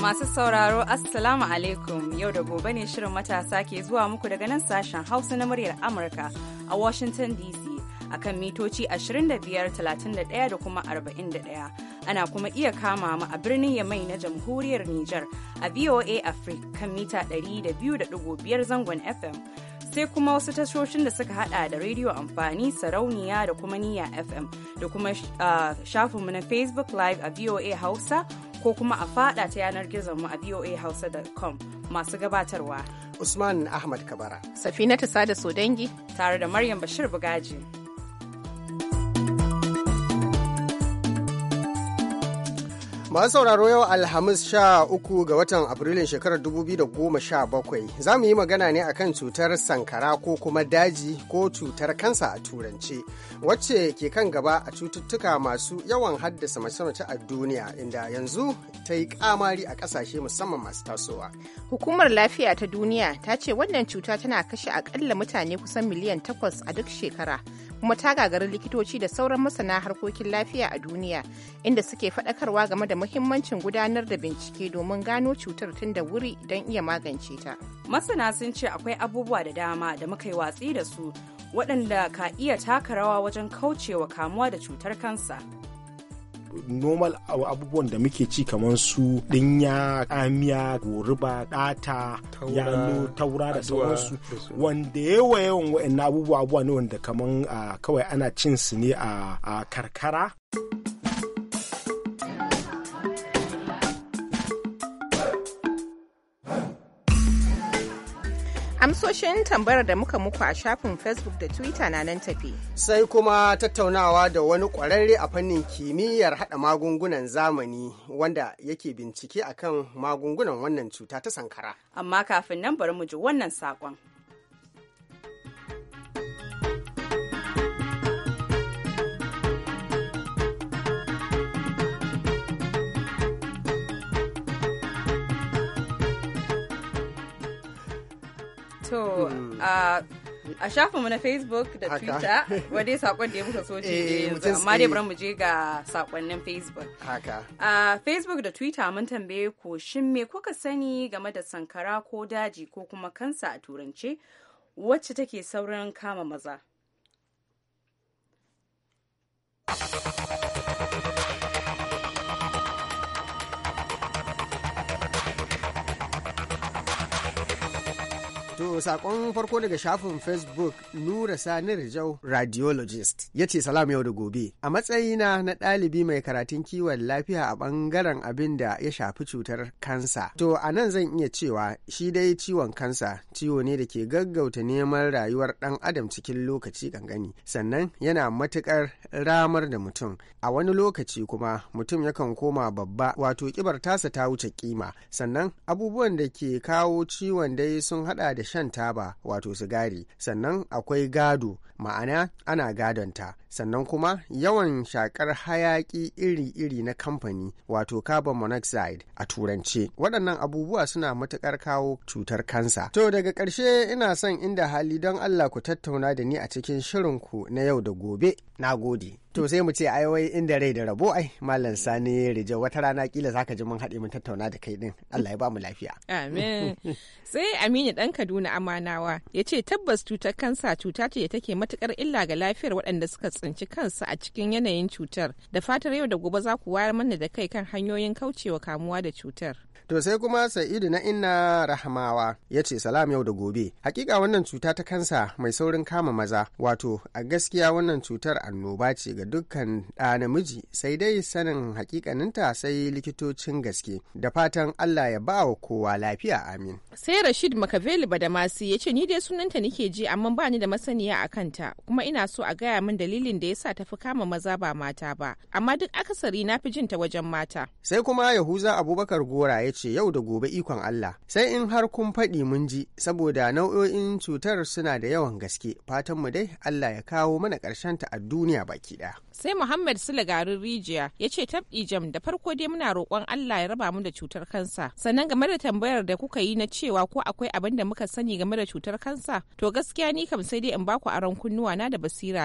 Masu sauraro Assalamu alaikum yau da gobe ne shirin matasa ke zuwa muku daga nan sashen Hausa na muryar Amurka a Washington DC a kan mitoci 25,31 da kuma 41. Ana kuma iya kama mu a birnin Yamai na Jamhuriyar Nijar a VOA Africa kan mita 200.5 zangon FM. sai kuma wasu tashoshin da suka hada da rediyo amfani sarauniya da kuma niya fm da kuma ah, shafinmu na facebook live a voa hausa ko kuma a fada ta yanar gizon mu a voahausa.com masu gabatarwa. Usman Ahmad Kabara. Safinatu Sada Sodangi. Tare da Maryam Bashir Bugaji. Masu sauraro yau Alhamis sha uku ga watan Afrilun shekarar 2017 za mu yi magana ne akan cutar sankara ko kuma daji ko cutar kansa a turance wacce ke kan gaba a cututtuka masu yawan haddasa mace-mace a duniya inda yanzu ta yi kamari a kasashe musamman masu tasowa. Hukumar lafiya ta duniya ta ce wannan cuta tana kashe akalla mutane kusan miliyan takwas a duk shekara kuma ta garin likitoci da sauran masana harkokin lafiya a duniya inda suke faɗakarwa game da muhimmancin gudanar da bincike domin gano cutar tun da wuri don iya magance ta. Masana sun ce akwai abubuwa da dama da muka yi watsi da su waɗanda ka iya taka rawa wajen kaucewa kamuwa da cutar kansa. normal abubuwan da muke ci kamar su dinya amiya goriba data yano taura da sauransu wanda yawa yawan wa'in abubuwa abubuwa ne wanda kamar ah, kawai ana cin su ne a karkara amsoshin tambayar da muka muku a shafin facebook da twitter na nan tafi sai kuma tattaunawa da wani kwararre a fannin kimiyyar hada magungunan zamani wanda yake bincike akan magungunan wannan cuta ta sankara amma kafin nan bari mu ji wannan saƙon To, hmm. a shafinmu na facebook da twitter wadai sakon da ya muka so shi eh, amma dai eh. bari mu je ga sakonnin facebook haka facebook da twitter mun tambaye ku shin me kuka sani game da sankara ko daji ko kuma kansa a turance wacce take saurin kama maza To sakon farko daga shafin Facebook Nura Sani Rijau Radiologist ya ce salam yau da gobe. A matsayina na ɗalibi mai karatun kiwon lafiya a ɓangaren abin da ya shafi cutar kansa. To a nan zan iya cewa shi dai ciwon kansa ciwo ne da ke gaggauta neman rayuwar ɗan adam cikin lokaci gangani. Sannan yana matukar ramar da mutum. A wani lokaci kuma mutum yakan koma babba wato ƙibar tasa ta wuce kima. Sannan abubuwan da ke kawo ciwon dai sun haɗa da shan taba wato sigari sannan akwai gado ma'ana ana gadonta sannan kuma yawan shakar hayaki iri-iri na kamfani wato carbon monoxide a turance waɗannan abubuwa suna matuƙar kawo cutar kansa to daga ƙarshe ina son inda hali don allah ku tattauna da ni a cikin shirinku na yau da gobe na gode to sai mu ce ai wai inda rai da rabo ai malam sani rija wata rana kila zaka ji mun haɗe mun tattauna da kai din Allah ya ba mu lafiya amin sai Aminu dan Kaduna Amanawa ya ce tabbas cutar kansa cuta ce da take matukar illa ga lafiyar waɗanda suka tsinci kansa a cikin yanayin cutar da fatar yau da gobe za ku wayar mana da kai kan hanyoyin kaucewa kamuwa da cutar To sai kuma Sa'idu na inna rahmawa ya ce salam yau da gobe. Hakika wannan cuta ta kansa mai saurin kama maza, wato a gaskiya wannan cutar a annoba ce ga dukkan ɗa namiji sai dai sanin hakikaninta sai likitocin gaske da fatan Allah ya ba wa kowa lafiya amin. Sai Rashid Makaveli Badamasi ya ce ni dai sunanta nike ji amma ba ni da masaniya a kanta kuma ina so a gaya min dalilin da yasa fi kama maza ba mata ba amma duk akasari na fi jin ta wajen mata. Sai kuma Yahuza Abubakar Gora ya ce yau da gobe ikon Allah sai in har kun faɗi mun ji saboda nau'o'in cutar suna da yawan gaske fatanmu dai Allah ya kawo mana karshen ta addu'a duniya baki daya. sai Muhammad Sule garin rijiya ya ce tabɗi jam da farko dai muna roƙon Allah ya raba mu da cutar kansa sannan game da tambayar da kuka yi na cewa ko akwai abin da muka sani game da cutar kansa to gaskiya ni kam sai dai in baku aron kunnuwa na da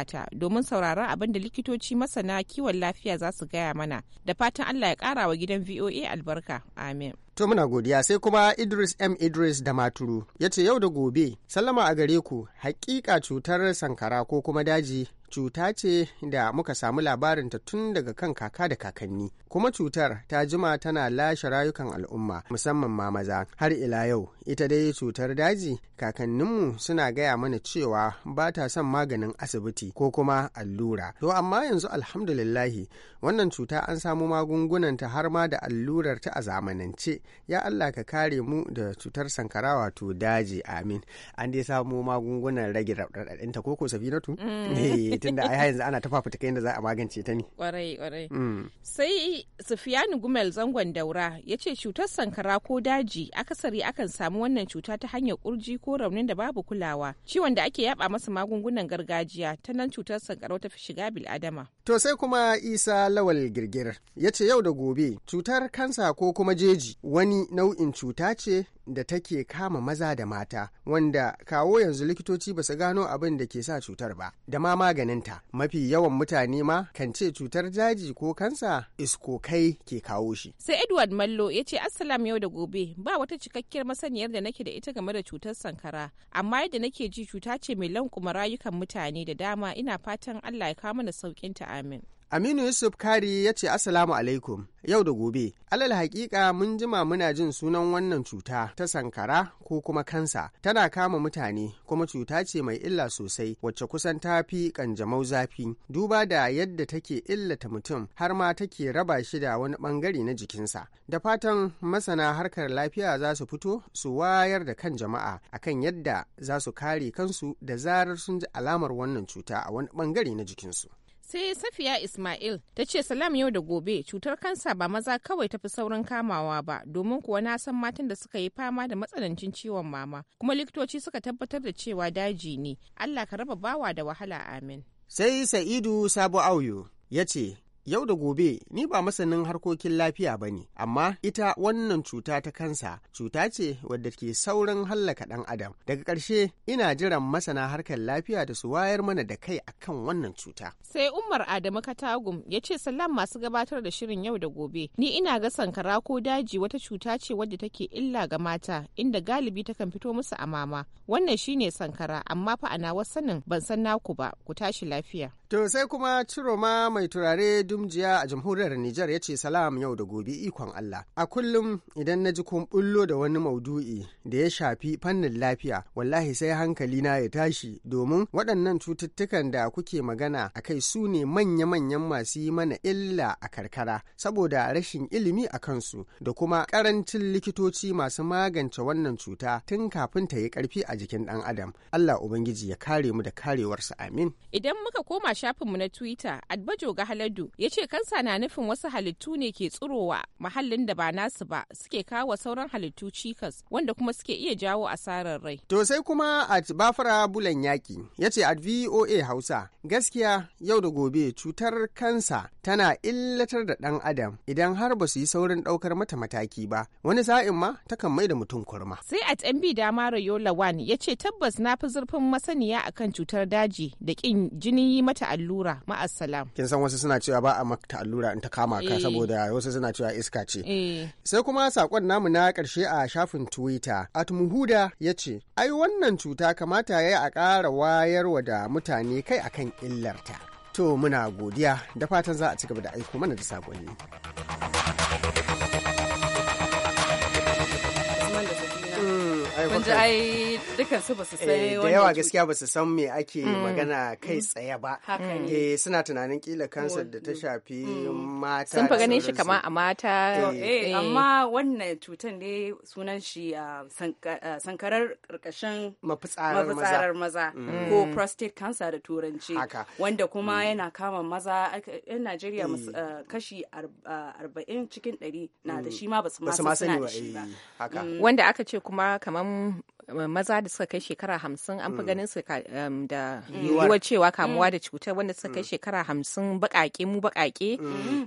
ta domin sauraron abin da likitoci masana kiwon lafiya za su gaya mana da fatan Allah ya ƙara wa gidan VOA albarka amin To muna godiya sai kuma Idris M. Idris da Maturu ya ce yau da gobe, sallama a gare ku, hakika cutar sankara ko kuma daji cuta ce da muka samu labarinta tun daga kan kaka da kakanni kuma cutar ta jima tana lashe rayukan al'umma musamman ma maza har ila yau ita dai cutar daji kakanninmu suna gaya mana cewa ba ta son maganin asibiti ko kuma allura to amma yanzu alhamdulillahi wannan cuta an samu magungunanta har ma da allurar ta a zamanance ya Allah ka kare mu da cutar sankara wato daji amin an dai samu magungunan rage raɗaɗinta ko ko sabinatu mm. eh, da ai yanzu ana ta fafutuka yadda za a magance ta ne kwarai kwarai mm. sai Sufiyanu Gumel zangon daura ya ce cutar sankara ko daji akasari akan samu wannan cuta ta hanyar kurji ko raunin da babu kulawa ciwon da ake yaba masa magungunan gargajiya ta nan cutar sankara ta fi shiga bil'adama to sai kuma Isa Lawal Girgir ya ce yau da gobe cutar kansa ko kuma jeji wani nau'in cuta ce da take kama maza da mata wanda kawo yanzu likitoci ba su gano abin da ke sa cutar ba da ma maganin maganinta mafi yawan mutane ma kan ce cutar daji ko kansa isko kai ke kawo shi sai edward mallo ya ce assalam yau da gobe ba wata cikakkiyar masaniyar da nake da ita game da cutar sankara amma yadda nake ji cuta ce mai lankuma rayukan mutane da dama ina fatan allah ya kawo mana saukin ta amin Aminu Yusuf Kari ya ce Assalamu alaikum yau da gobe. Alal hakika mun jima muna jin sunan wannan cuta ta sankara ko kuma kansa tana kama mutane kuma cuta ce mai illa sosai wacce kusan ta fi kanjamau zafi duba da yadda take illata mutum har ma take raba shi da wani bangare na jikinsa. Da fatan masana harkar lafiya za su fito su wayar da kan jama'a akan yadda za su kare kansu da zarar sun ji alamar wannan cuta a wani bangare na jikinsu. sai safiya ismail ta ce salam yau da gobe cutar kansa ba maza kawai tafi saurin kamawa ba domin kuwa na san matan da suka yi fama da matsanancin ciwon mama kuma likitoci suka tabbatar da cewa daji ne allah ka raba bawa da wahala amin sai sa'idu sabo auyo ya ce Yau da gobe ni ba masanin harkokin lafiya ba ne, amma ita wannan cuta ta kansa cuta ce wadda ke saurin hallaka ɗan adam. Daga ƙarshe ina jiran masana harkar lafiya da su wayar mana da kai akan wannan cuta. Sai Umar Adamu Katagum ya ce sallan masu gabatar da shirin yau da gobe. Ni ina ga sankara ko daji wata cuta ce wadda take illa ga mata inda galibi takan fito musu a mama. Wannan shine sankara amma fa ana wasanin ban san naku ba ku tashi lafiya. To sai kuma Ciroma mai turare dumjiya a jamhuriyar Nijar ya ce salam yau da gobe ikon Allah. A kullum idan na ji kun bullo da wani maudu'i da ya shafi fannin lafiya wallahi sai hankali na ya tashi domin waɗannan cututtukan da kuke magana a kai su ne manya-manyan masu yi mana illa a karkara saboda rashin ilimi a kansu da kuma ƙarancin likitoci masu magance wannan cuta tun kafin ta yi ƙarfi a jikin ɗan adam. Allah Ubangiji ya kare mu da karewarsa amin. Idan muka koma a shafinmu na Twitter, Adbajo Gahaladu ya ce kansa na nufin wasu halittu ne ke tsirowa mahallin da ba nasu ba suke kawo sauran halittu cikas wanda kuma suke iya jawo asarar rai. To sai kuma a Bafara Bulan Yaki ya ce at VOA Hausa gaskiya yau da gobe cutar kansa tana illatar da ɗan adam idan har ba su yi saurin ɗaukar mata mataki ba wani sa'in ma takan mai da mutum kurma. Sai at MB Dama Rayola Wan ya ce tabbas na fi zurfin masaniya akan cutar daji da ƙin jini mata mata allura kin san wasu suna cewa ba a mata allura in ta kama ka eh. saboda wasu suna cewa iska ce eh. sai kuma sakon namu na karshe a shafin twitter at muhuda ya ce ai wannan cuta kamata ya yi a ƙara wa da mutane kai akan illarta to muna godiya da fatan za a ci gaba da aiko mana da sakonni mm, ai dukan su basu san eh, da yawa gaskiya basu san me ake mm. magana mm-hmm. kai tsaye ba eh suna tunanin kila kansar da ta shafi mm. mata sun fa ganin shi kama a mata eh. Eh, eh amma wannan cutar ne sunan shi ah, ah, sankarar karkashin mafitsarar maza mm. ko prostate cancer da turanci wanda kuma yana kama maza yan Najeriya ah, kashi 40 cikin 100 na da shi ma basu ma sani ba wanda aka ce kuma kaman maza da suka kai shekara hamsin an fi mm. ganin su um, da mm. yiwuwar cewa kamuwa mm. da cutar wanda suka kai shekara hamsin baƙaƙe mu baƙaƙe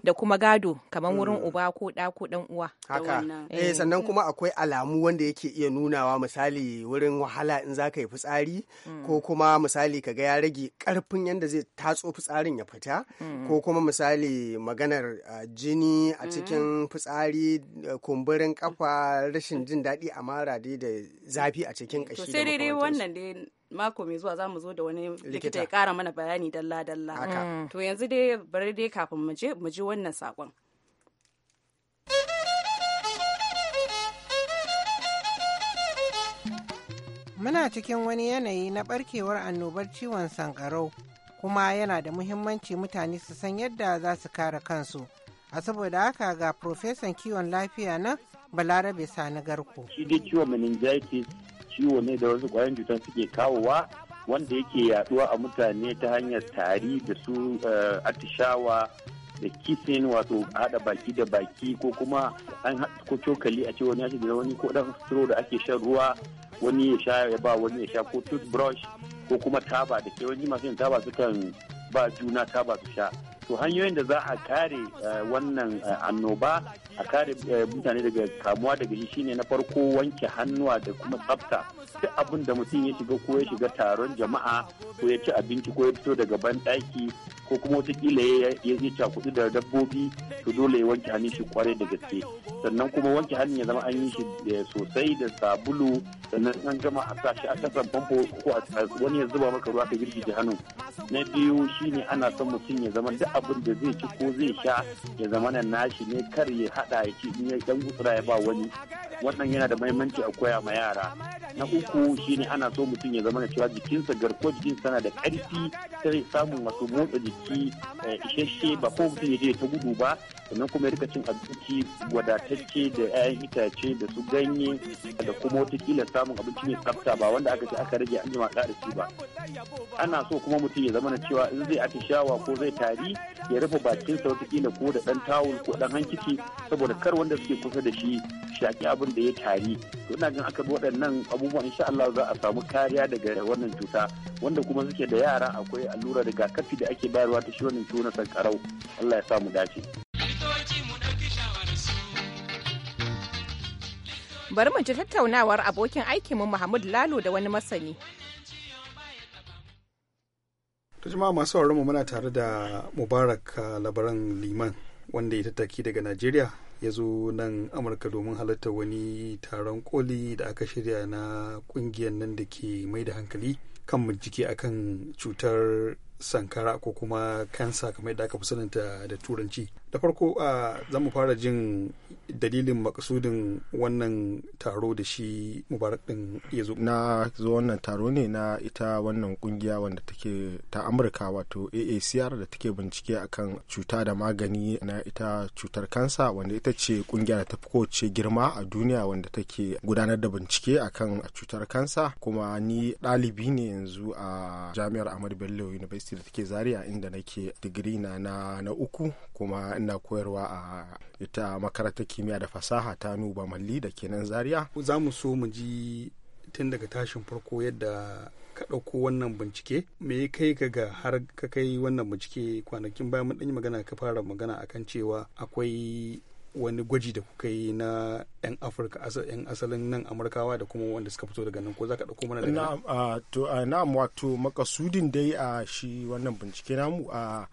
da kuma gado kamar wurin uba ko da ko dan uwa. Haka. Eh, eh sannan kuma akwai alamu wanda yake iya nunawa misali wurin wahala in za ka yi fitsari ko kuma misali kaga ya rage karfin yanda zai tatso fitsarin ya fita ko kuma misali maganar jini a cikin fitsari kumburin kafa rashin jin daɗi a mara da zafi a cikin kashi sai dai wannan dai mako mai zuwa zamu zo da wani likita ya kara mana bayani dalla dalla mm. to yanzu dai bari dai kafin mu je mu ji wannan sakon Muna cikin wani yanayi na barkewar annobar ciwon sankarau kuma yana da muhimmanci mutane su san yadda za su kare kansu. A saboda haka ga Profesan kiwon lafiya na Balarabe Sani Garko. Shi dai ciwon meningitis ciwo ne da wasu kwayan cutar suke kawowa wanda yake yaduwa a mutane ta hanyar tari da su eh, atishawa da kisin wato hada baki da baki ko kuma an ko cokali a ce wani ya da wani ko dan stro da ake shan ruwa wani ya sha ya ba wani ya sha ko toothbrush ko kuma taba da ke wani masu yin taba sukan ba juna taba su sha to hanyoyin da za a kare eh, wannan eh, annoba a kare eh, mutane daga kamuwa daga shi shine na farko wanke hannuwa da kuma tsafta duk abin da mutum ya shiga ko ya shiga taron jama'a ko ya ci abinci ko ya fito daga ban daki ko kuma watakila ya zai cakudu da dabbobi to dole ya wanke hannun shi kwarai da gaske sannan kuma wanke hannun ya zama an yi shi eh, sosai da sabulu sannan an gama a sa shi a kasan famfo ko a wani ya zuba maka ruwa ka girgije hannu na biyu shine ana son mutum ya zama duk abin da zai ci ko zai sha ya zama na nashi ne kar ya hada ya ci in ya dan gutsura ya ba wani wannan yana da mahimmanci a koya ma yara na uku shine ana so mutum ya zama na cewa jikinsa garkuwar jikinsa na da ƙarfi sai samun wasu motsa jiki Ki eh, isasshe ba ko mutum ya je ta gudu ba sannan kuma rika cin abinci wadatacce da 'ya'yan itace da su ganye da kuma watakila samun abinci mai tsafta ba wanda aka ce aka rage an jima ƙara shi ba ana so kuma mutum ya zama na cewa in zai shawa ko zai tari ya rufe bakinsa watakila ko da ɗan tawul ko ɗan hankici saboda kar wanda suke kusa da shi shaki abin da ya tari to ina gan aka bi waɗannan abubuwan insha Allah za a samu kariya daga wannan cuta wanda kuma suke da yara akwai allura rigakafi da ake bayarwa ta shi wannan ciwo na sankarau Allah ya sa mu dace bari mu ji tattaunawar abokin aikinmu Muhammad Lalo da wani masani. Ta jama'a masu mu muna tare da Mubarak ah, labaran Liman wanda ya tattaki daga Najeriya ya zo nan Amurka domin halarta wani taron koli da aka shirya na kungiyar nan da ke mai da hankali kan bincike akan cutar sankara ko kuma kansa kamar yadda aka fi da turanci da farko a za fara jin dalilin makasudin wannan taro da shi mubarak din ya zo na zo wannan taro ne na ita wannan kungiya wanda take ta amurka wato aacr da take bincike akan cuta da magani na ita cutar kansa wanda ita ce kungiya da ta fi kowace girma a duniya wanda take gudanar da bincike akan cutar kansa kuma ni ɗalibi ne yanzu a jami'ar Amadu bello university da take zaria inda nake digiri na na uku kuma ina koyarwa a ita makarantar kimiyya da fasaha ta nuba malli da kenan zaria za mu so mu ji tun daga tashin farko yadda ka ɗauko wannan bincike me ya kai ka ga har ka kai wannan bincike kwanakin bayan mun yi magana ka fara magana akan cewa akwai wani gwaji da kuka yi na 'yan afirka yan asalin nan amurkawa da kuma wanda suka fito daga nan ko za ka ɗauko mana daga na'am wato makasudin dai a shi wannan bincike namu a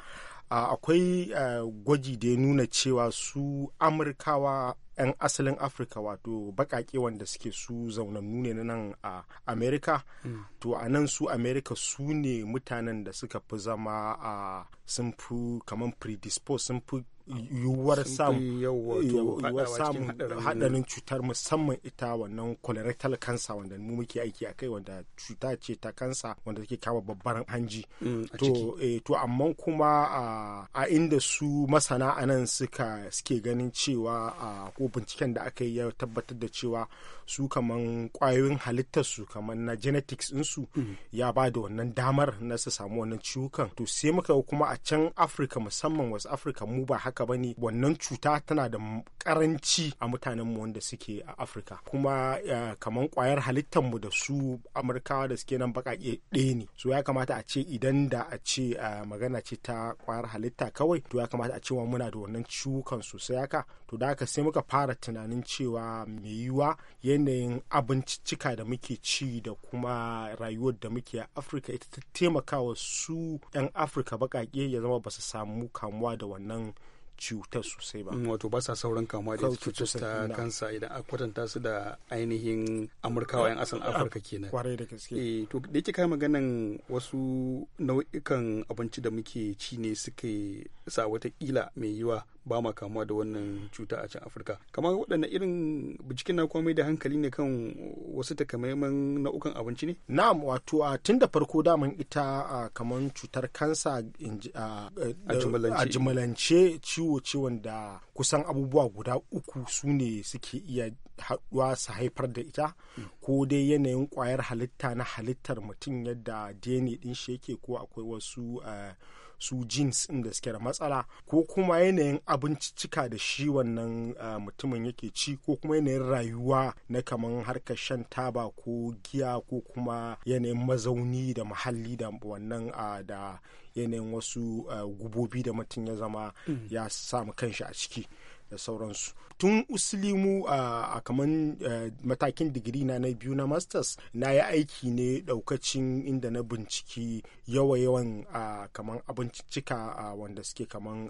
akwai gwaji da ya nuna cewa su amurkawa 'yan asalin afirka wato bakake wanda suke su nune ne nan a amerika hmm. to a nan su amerika su ne mutanen da suka fi zama a sun fi kamar predispose sun fi yiwuwar samun haɗarin cutar musamman ita wannan colorectal kansa wanda mu muke aiki a kai wanda cuta ce ta kansa wanda take kama babbar hanji mm, eh, to amma kuma a inda su masana anan suka suke ganin cewa a ko binciken da aka yi ya tabbatar da cewa su kaman kwayoyin halittar su kaman na genetics su mm. ya ba da wannan damar na su samu wannan ciwukan to sai muka kuma a can africa musamman wasu africa mu ba haka haka ba ne wannan cuta tana da karanci a mutanenmu wanda suke a afirka kuma kamar kwayar halittarmu da su amurkawa da suke nan bakake ɗaya ne so ya kamata a ce idan da a ce magana ce ta kwayar halitta kawai to ya kamata a cewa muna da wannan ciwukan sosai haka to da haka sai muka fara tunanin cewa mai yiwuwa yanayin abinciccika da muke ci da kuma rayuwar da muke a afirka ita ta taimakawa su 'yan afirka bakake ya zama ba su samu kamuwa da wannan cutar sosai ba mm, wato ba sa sauran kamuwa da cutar ta kansa idan a kwatanta su da ainihin amurkawa yan asalin ah, afirka kenan kwarai da gaske eh to da yake kai maganan wasu nau'ikan abinci da muke ci ne suke sa kila mai yiwa ba ma kamuwa da wannan cuta a can afirka kamar waɗanne irin binciken na komai da hankali ne kan wasu takamaiman nau'ukan abinci ne na'am wato a tun da farko daman ita kamar cutar kansa a jimalance ciwo ciwon da kusan abubuwa guda uku su ne suke iya haɗuwa su haifar da ita ko dai yanayin kwayar halitta na halittar mutum yadda dna din shi yake ko akwai wasu eh, su jeans ɗin da suke da matsala ko kuma yanayin abinciccika da shi wannan eh, mutumin yake ci ko kuma yanayin rayuwa na kamar harkar shan taba ko giya ko kuma yanayin mazauni da muhalli da wannan ah, da yanayin wasu ah, gubobi da mutum ya zama mm. ya samu kanshi a ciki da sauransu tun usulimu ah, a kamar eh, matakin digiri na na biyu na masters na yi aiki ne daukacin inda na binciki yawa yawan kaman abincicika wanda suke kaman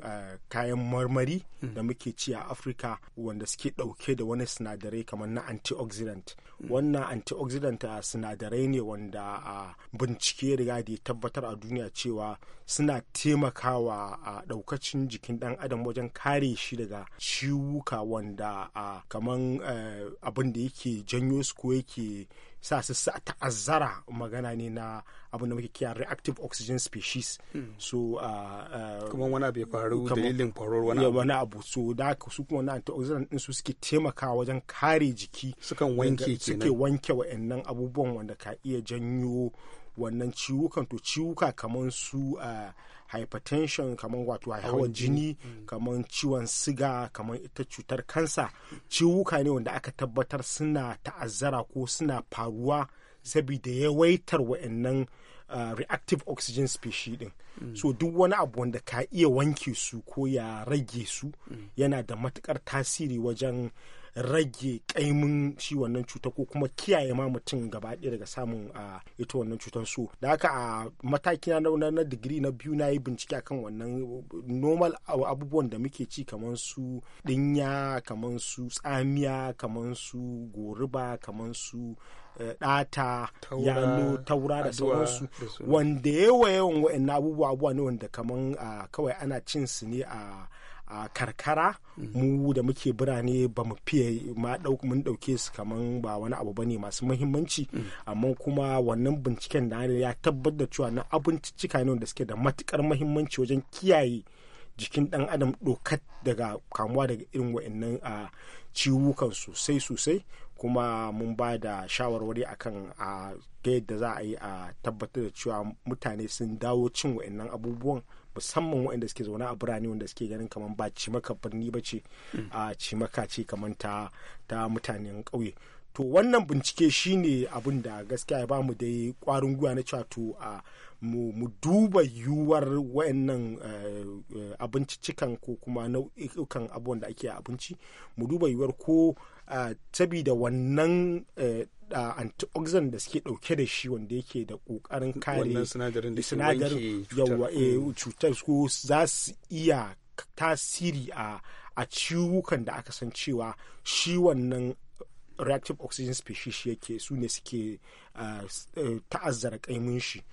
kayan marmari hmm. da muke ci a afirka wanda suke ɗauke da wani sinadarai kamar na antioxidant hmm. wannan antioxidant sinadarai ne wanda bincike riga da ya tabbatar a duniya cewa suna taimakawa a ɗaukacin jikin ɗan adam wajen kare shi daga ciwuka wanda kaman eh, abin da yake janyo su ko yake sa su ta'azzara magana ne na abin da muke kiya reactive oxygen species hmm. so uh, uh, kuma wani abu ya faru dalilin faruwar wani abu wani abu so da su kuma wani antioxidant din su suke taimaka wajen kare jiki sukan wanke suke wanke wa'annan abubuwan wanda ka iya janyo wannan ciwukan to ciwuka kamar su uh, hypertension kamar wato hawan jini mm. kamar ciwon siga kamar ita cutar kansa ciwuka ne wanda aka tabbatar suna ta'azzara ko suna faruwa saboda yawaitar wa'annan Uh, reactive oxygen species din mm. so duk wani abu wanda ka iya wanke su ko ya rage su mm. yana da matukar tasiri wajen rage kaimin shi wannan cuta ko kuma kiyaye ma mutum gaba ɗaya daga samun ita wannan cutar so da haka a mataki na na digiri na biyu na yi bincike akan wannan normal abubuwan da muke ci kamar su ɗinya kamar su tsamiya kamar su goruba kamar su eh, ɗata yano taura da sauransu wanda yawa yawan wa'in abubuwa abubuwa ne wanda kamar kawai ana cin su ne a a karkara mu da muke birane ba mu fiye ma mun ɗauke su kaman ba wani abu bane masu muhimmanci amma kuma wannan binciken da ya tabbatar da cewa na abinciccika ne da suke da matukar muhimmanci wajen kiyaye jikin dan adam dokat daga kamuwa daga irin wa'annan ciwukan sosai sosai kuma mun ba da shawarwari akan a ga yadda za a yi a tabbatar da cewa mutane sun dawo cin wa'annan abubuwan musamman waɗanda suke zaune a birane wanda suke ganin kamar ba cimaka birni ba ce a cimaka ce kamar ta ta mutanen ƙauye to wannan bincike shine abin da gaskiya ya bamu dai kwarin gwiwa na cewa to a mu duba yiwuwar wayannan eh, eh, cikan ko kuma nau'ikan abubuwan da ake abinci mu duba yiwuwar ko sabida wannan eh, antioxidant da suke dauke da shi wanda yake da kokarin kare sinadarin yawa eh, mm. cutar su za su iya tasiri a a ciwukan da aka san cewa shi wannan reactive oxygen species yake su ne suke eh, ta'azzara kaimun shi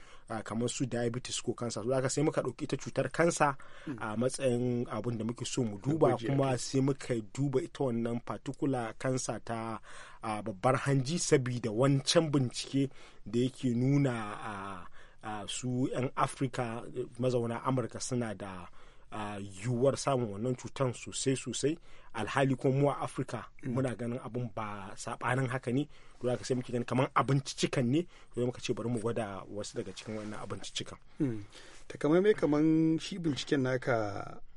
kamar su diabetes ko kansa su ka sai muka ɗauki ita cutar kansa hmm. a matsayin abin da muke so mu duba kuma sai muka duba ita wannan particular kansa ta babbar hanji sabida wancan bincike da yake nuna a su 'yan afirka mazauna amurka suna da yiwuwar samun wannan cutar sosai sosai alhali kuma mu a afirka hmm. muna ganin abin ba saɓanin haka ne to za ka sai muke gani kamar abincicikan ne to muka ce bari mu gwada wasu daga cikin wannan abincicikan hmm. takamaimai kaman shi binciken naka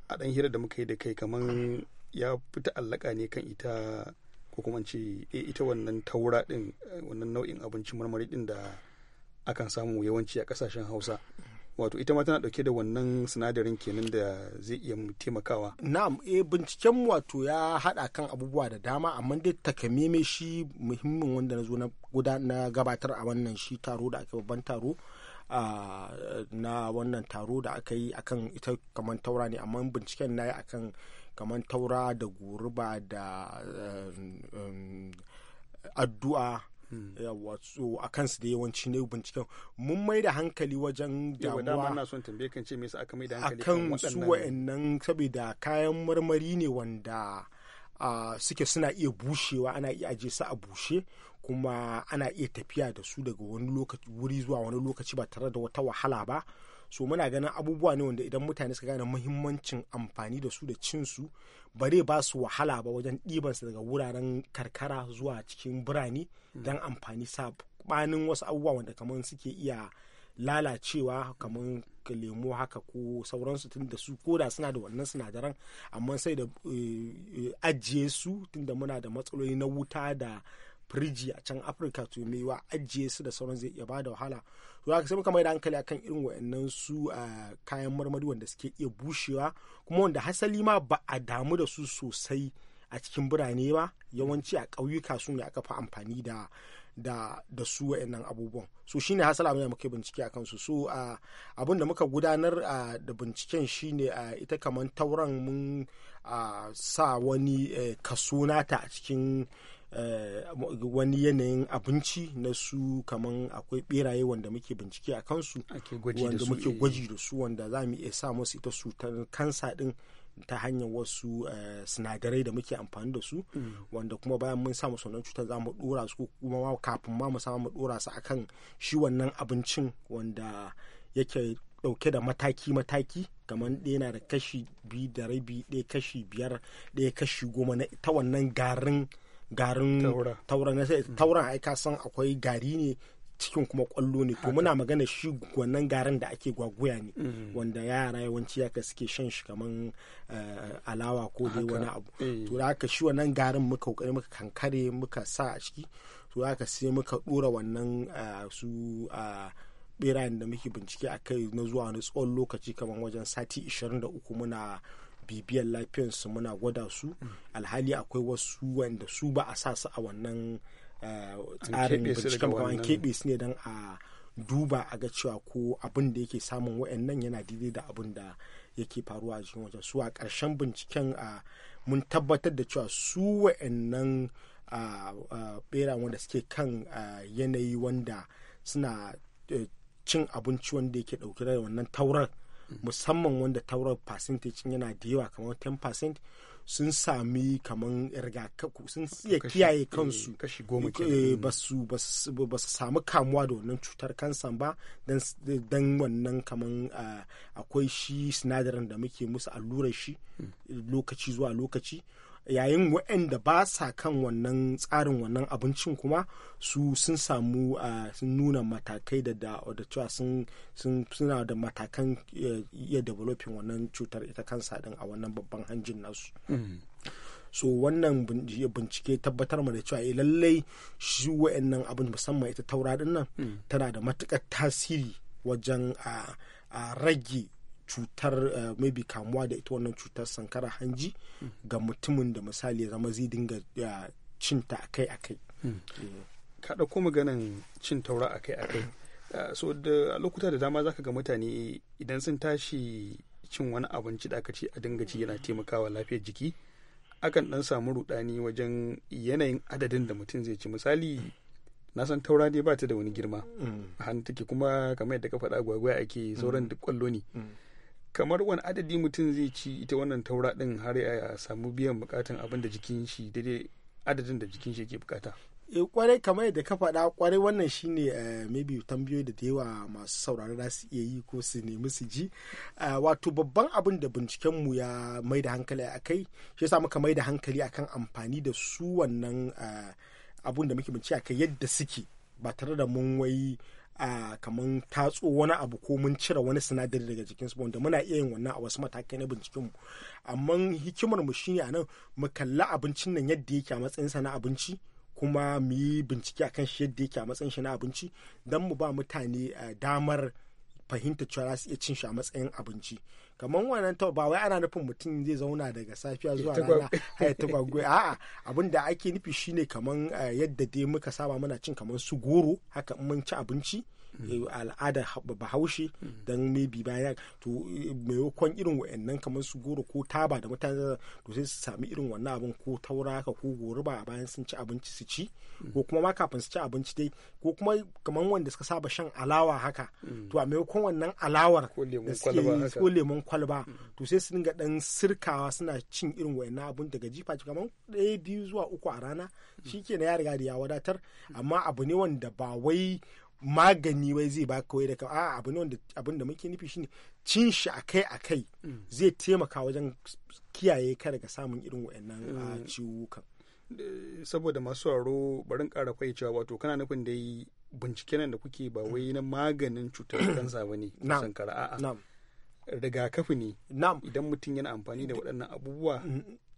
a dan hira da muka yi da kai kaman ya fita allaka ne kan ita ko kuma ce eh, ita wannan taura din eh, wannan nau'in abinci marmari din da akan samu yawanci a kasashen hausa wato ita ma tana dauke da wannan sinadarin kenan da zai iya taimakawa na'am eh binciken wato ya hada kan abubuwa da dama amma dai takameme shi muhimmin wanda na zo na gabatar a wannan shi taro da aka babban taro na wannan taro da aka yi akan ita kamar taura ne amma binciken na yi akan kamar taura da guruba da addu'a Mm. so a kansu da yawanci ne binciken mun mai da hankali wajen damuwa a kan ce me su wa'annan saboda kayan marmari ne wanda suke suna iya bushewa ana iya aje su a bushe kuma ana iya tafiya da su daga wani lokaci wuri zuwa wani lokaci ba tare da wata wahala ba so muna ganin abubuwa ne wanda idan mutane suka gane muhimmancin amfani da su da cin su ba zai ba su wahala ba wajen ɗibansa daga wuraren karkara zuwa cikin birane don amfani sabanin wasu abubuwa wanda kamar suke iya lalacewa kamar lemo haka ko sauransu tun da su koda suna da wannan sinadaran amma sai da eh, eh, ajiye su tun da muna da matsaloli na wuta da firiji a can afirka to mai wa ajiye su da sauran zai iya ba da wahala to haka sai muka mai da hankali akan irin wa'annan su kayan marmari wanda suke iya bushewa kuma wanda hasali ma ba a damu da su sosai a cikin birane ba yawanci a ƙauyuka su ne aka fi amfani da da da su wa'annan abubuwan so shine hasala abin muke bincike a kansu so abin da muka gudanar da binciken shine ita kamar tauran mun sa wani eh, kaso nata a cikin Eh, wani yanayin abinci na su kaman akwai beraye wanda muke bincike a kansu wanda muke eh. gwaji da su wanda za mu iya sa musu ita su kansa din ta hanyar wasu eh, sinadarai da muke amfani da su mm. wanda kuma bayan mun samu wannan cutar za mu dora su kuma ma kafin ma mu samu mu dora su akan shi wannan abincin wanda yake dauke da mataki-mataki kamar ɗaya na da kashi biyu da rabi ɗaya kashi biyar ɗaya kashi goma na ta wannan garin garin taura na sai tauran ai ka san akwai gari ne cikin kuma kwallo ne to muna magana shi wannan garin da ake gwaguya ne mm. wanda yara yawanci yaka suke shan shi kaman eh, alawa ko dai wani abu eh. to da haka shi wannan garin muka kokari muka kankare muka sa a ciki to da haka sai muka dora wannan eh, su birayen da muke bincike a kai na zuwa wani tsawon lokaci kaman wajen sati 23 muna bibiyar lafiyarsu muna gwada su mm. alhali akwai wasu wanda su ba a sa su a wannan eh, tsarin bincike kuma an keɓe su ne don a duba a ga cewa ko abin da yake samun wa'annan yana daidai da abin da yake faruwa a cikin wajen su a ƙarshen binciken a mun tabbatar da cewa su wa'annan bera wanda suke kan yanayi wanda suna eh, cin abinci wanda yake ɗauke da wannan taurar musamman wanda taurar percentage yana da yawa kamar 10% sun sami kamar rigakafi sun iya kiyaye kansu eh, kashi goma eh, ba su samu kamuwa da wannan cutar kansan ba don wannan kamar akwai shi sinadarin da muke musu allurar shi hmm. lokaci zuwa lokaci yayin waɗanda ba sa kan wannan tsarin wannan abincin kuma su sun samu sun nuna matakai da da da cewa sun suna da matakan ya developing wannan cutar ita kansa din a wannan babban hanjin nasu mm. so wannan bincike tabbatar ma da cewa ya eh, lallai shi wa'annan abin musamman ita taura din nan mm. tana da matukar tasiri wajen a rage cutar eh, maybe kamuwa da ita wannan cutar sankara hanji ga mutumin da misali ya zama zai dinga cinta akai-akai hmm. eh. kada ko maganan cin taura akai-akai eh, so da lokuta da dama zaka ga mutane idan sun tashi cin wani abinci da aka ce a dinga ci yana taimakawa lafiyar jiki akan dan samu rudani wajen yanayin adadin da mutum zai ci misali na san taura dai ba ta da wani girma hmm. a hannu take kuma kamar yadda ka faɗa gwagwaya ake sauran hmm. duk kwallo ne kamar wani adadi mutum zai ci ita wannan taura din har ya samu biyan bukatan abin da jikin shi daidai adadin da jikin shi yake bukata e eh, kwarai kamar yadda ka faɗa kwarai wannan shine eh, maybe tambayoyi da da yawa masu saurari za su iya yi ko su nemi su ji eh, wato babban abin da bincikenmu ya mai da hankali a kai shi yasa muka mai da hankali akan amfani da su wannan abun da muke bincike a kai yadda suke ba tare da mun wai a kaman tatso wani abu ko mun cire wani sinadari daga jikin su wanda muna iya yin wannan a wasu matakai na binciken mu amma hikimar mu shine anan mu kalla abincin nan yadda yake a matsayin sa na abinci kuma mu yi bincike akan shi yadda yake a matsayin shi na abinci don mu ba mutane eh, damar fahimta cewa za su iya cin shi a matsayin abinci kamar wannan ta ba wai ana nufin mutum zai zauna daga safiya zuwa rana haya ta gwagwai a'a abin da ake nufi shine kamar eh, yadda dai muka saba muna cin kamar su goro haka in mun ci abinci al'ada bahaushe don maybe baya to maimakon irin wa'annan kamar su goro ko taba da mutane to sai su sami irin wannan abin ko taura ka ko goruba a bayan sun ci abinci su ci ko kuma ma kafin su ci abinci dai ko kuma kamar wanda suka saba shan alawa haka mm. to a maimakon wannan alawar da suke ko lemon kwalba mm. to sai su dinga dan sirkawa suna cin irin wa'annan abin daga jifa kamar ɗaya biyu zuwa uku a rana mm. shikenan ya riga da ya wadatar amma abu ne wanda ba wai magani wai zai baka wai da ka a abin da muke nufi shine cin shi akai akai mm. zai taimaka wajen kiyaye ka daga samun irin wayannan eh. ciwukan eh, saboda masu aro barin ƙara kwai cewa wato kana nufin da yi bincike nan da kuke ba wai na maganin cutar kansa ba ne sankara a'a rigakafi ne idan mutum yana amfani da waɗannan abubuwa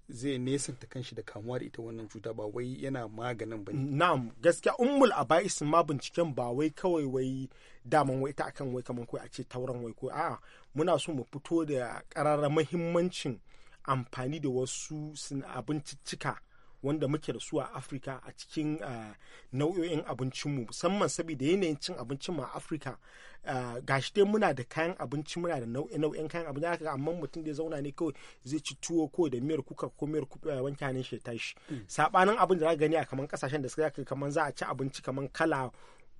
zai nesanta kanshi da kamuwa da ita wannan cuta ba wai yana maganin ba na'am gaskiya ummul abais ma binciken ba wai kawai wai daman wai ta akan wai kaman kai a ce tauran wai ko a muna so mu fito da ƙararra muhimmancin amfani da wasu abinciccika wanda muke da su a afirka a cikin nau'o'in abincinmu musamman saboda yanayin cin abincin ma afirka gashi dai muna da kayan abinci muna da nau'in kayan abinci haka amma mutum da ya zauna ne kawai zai ci tuwo ko da miyar kuka ko miyar wanke hannun shi ta shi mm. sabanin abin da za gani a kaman kasashen da suka kaman za a ci abinci kaman kala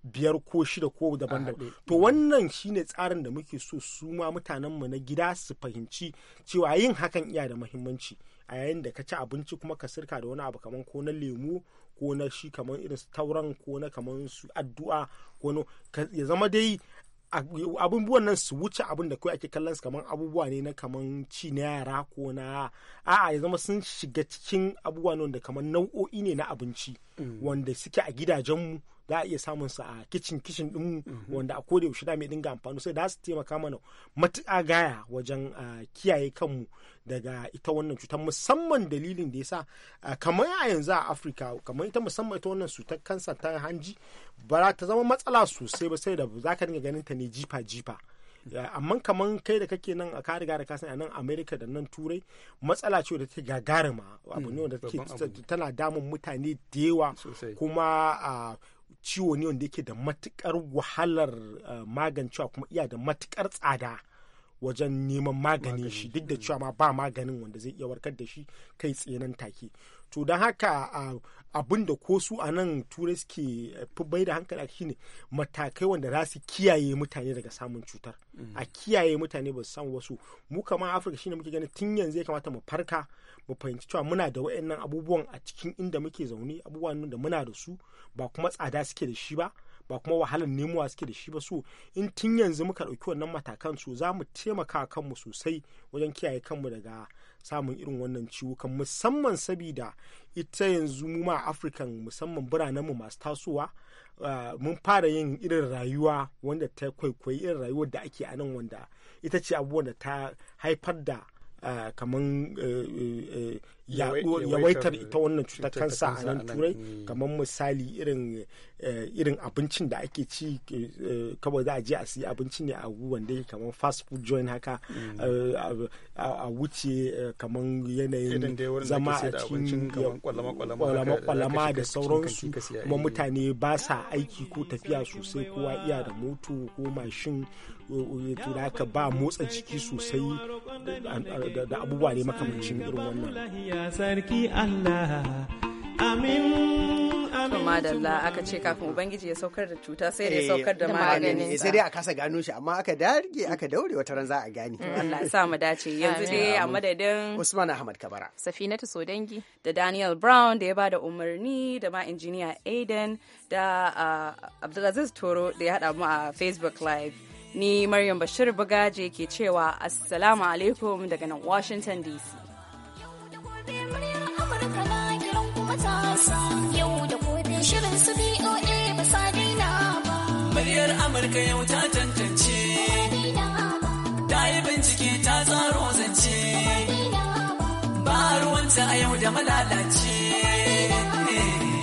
biyar ko shida ko daban daban to wannan shine tsarin da muke so su ma mutanenmu na gida su fahimci cewa yin hakan iya da muhimmanci a yayin da ka ci abinci kuma ka sirka da wani abu kaman ko na lemu ko na shi kaman irin su tauran ko na kaman su addu'a ko no ya zama dai abubuwan nan su wuce abin da kawai ake kallon su kaman abubuwa ne na kaman ci na yara ko na a'a ya zama sun shiga cikin abubuwa ne wanda kaman nau'o'i ne na abinci mm. wanda suke a gidajen mu. za a iya samun sa a kicin kicin din mhm. wanda a koda yaushe da mai dinga amfani sai da su taimaka mana matuƙa gaya wajen kiyaye kanmu daga ita wannan cutar musamman dalilin da yasa kamar a yanzu a Afirka kamar ita musamman ita wannan cutar kansa ta hanji ba za ta zama matsala sosai ba sai da za ka dinga ganin ta ne jifa jifa amma kaman kai da kake nan a riga da kasan a nan america da nan turai matsala ce da ta gagarima abu ne mm, wanda tana damun mutane da yawa kuma ciwo ne wanda yake da matukar wahalar eh, magancewa kuma iya da matukar tsada wajen neman magani shi duk da cewa ma ba maganin wanda zai iya warkar da shi kai tsenan take to don haka ah, abin da ko su a nan turai suke eh, fi bai da hankali a ne matakai wanda za su kiyaye mutane daga samun cutar a mm. kiyaye mutane ba su samu wasu mu kama afirka shine muke ganin tun yanzu ya kamata mu farka mu fahimci cewa muna da wayannan abubuwan a cikin inda muke zaune abubuwan da muna da su ba kuma tsada suke da shi ba ba kuma wahalar nemowa suke da shi ba so in tun yanzu muka ɗauki wannan matakan su za mu taimaka kanmu sosai wajen kiyaye kanmu daga samun irin wannan ciwukan musamman sabida ita yanzu mu ma afirkan musamman biranen mu masu tasowa ah, mun fara yin irin rayuwa wanda ta kwaikwayi irin rayuwar da ake a nan wanda ita ce abubuwan da ta haifar da kaman eh, eh, eh, yawaitar ita wannan cutar kansa a nan turai mm. kamar misali irin abincin da ake ci kawai za a je a siya abinci ne a wanda ya kamar fast food joint haka mm. a wuce kamar yanayin zama a cikin kwalama da sauransu kuma mutane ba sa aiki ko tafiya sosai kowa iya da moto ko mashin to da ba motsa jiki sosai da abubuwa ne makamancin irin wannan madalla aka ce kafin ubangiji ya saukar da cuta sai ya eh, saukar da magani sai dai a kasa gano shi amma aka darge aka daure wata ran za a gane mm, Allah sa mu dace yanzu dai a madadin Usman Ahmad Kabara Safinatu Sodangi da Daniel Brown da ya ba da umarni da ma injiniya Aiden da uh, Abdulaziz Toro da ya hada mu a Facebook live Ni Maryam Bashir Bagaje ke cewa Assalamu alaikum daga nan Washington DC. Muryar Amurka yau ta tantance, ta yi bincike ta tsaro zance, ba ruwanta a yau da malalace,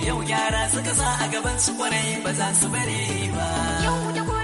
yau gyara suka sa a gaban su kwarai ba za su bare ba.